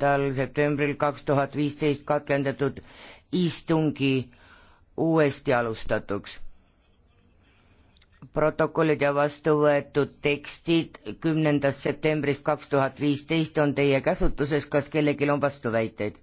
kaheksandal septembril kaks tuhat viisteist katkendatud istungi uuesti alustatuks. protokollid ja vastu võetud tekstid kümnendast septembrist kaks tuhat viisteist on teie käsutuses, kas kellelgi on vastuväiteid?